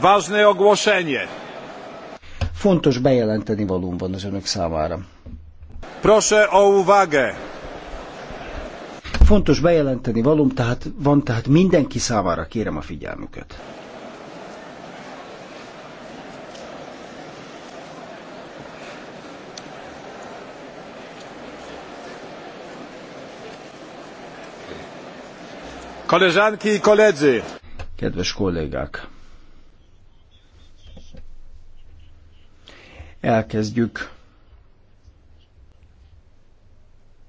Ważne ogłoszenie. Fontos bejelenteni valóm van az önök számára. Proszę o uwagę. Fontos bejelenteni valóm tehát van, tehát mindenki számára kérem a figyelmüket. Koleżanki i koledzy! Kedves kollégák! Elkezdjük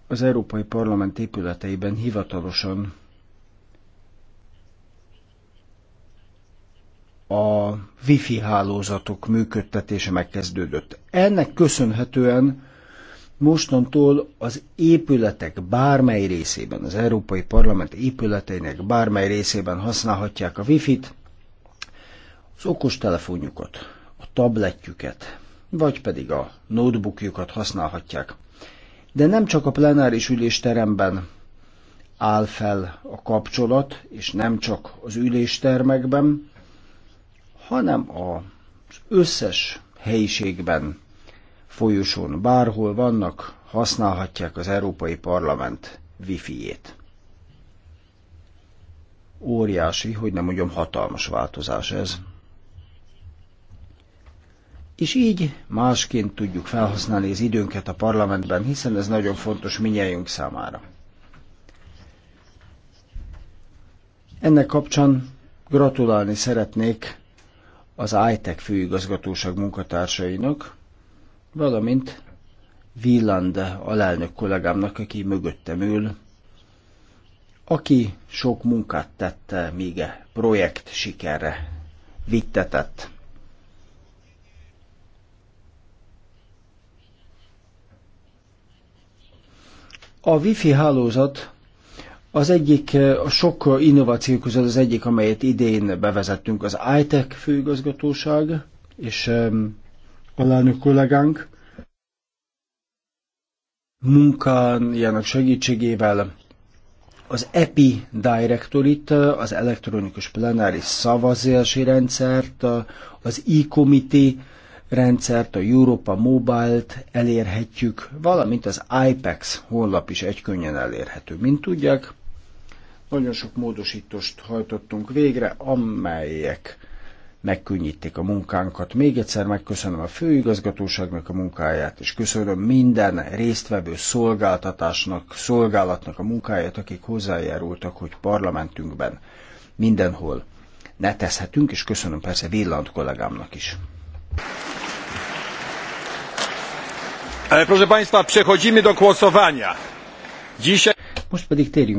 az Európai Parlament épületeiben hivatalosan a wifi hálózatok működtetése megkezdődött. Ennek köszönhetően mostantól az épületek bármely részében, az Európai Parlament épületeinek bármely részében használhatják a wifi-t, az okostelefonjukat, a tabletjüket, vagy pedig a notebookjukat használhatják. De nem csak a plenáris ülésteremben áll fel a kapcsolat, és nem csak az üléstermekben, hanem az összes helyiségben, folyosón, bárhol vannak, használhatják az Európai Parlament wifi-jét. Óriási, hogy nem mondjam hatalmas változás ez és így másként tudjuk felhasználni az időnket a parlamentben, hiszen ez nagyon fontos minnyájunk számára. Ennek kapcsán gratulálni szeretnék az ITEC főigazgatóság munkatársainak, valamint Villand alelnök kollégámnak, aki mögöttem ül, aki sok munkát tette, míg a e projekt sikerre vittetett. A wifi hálózat az egyik, eh, a sok eh, innováció közül az egyik, amelyet idén bevezettünk az ITEC főigazgatóság, és um, alelnök kollégánk munkájának segítségével az EPI Directorit, eh, az elektronikus plenáris szavazási rendszert, az e komité rendszert, a Europa Mobile-t elérhetjük, valamint az IPEX honlap is egykönnyen elérhető. Mint tudják, nagyon sok módosítást hajtottunk végre, amelyek megkönnyítik a munkánkat. Még egyszer megköszönöm a főigazgatóságnak a munkáját, és köszönöm minden résztvevő szolgáltatásnak, szolgálatnak a munkáját, akik hozzájárultak, hogy parlamentünkben mindenhol ne teszhetünk, és köszönöm persze Villant kollégámnak is. E, most pedig térjünk do a Dzisiaj...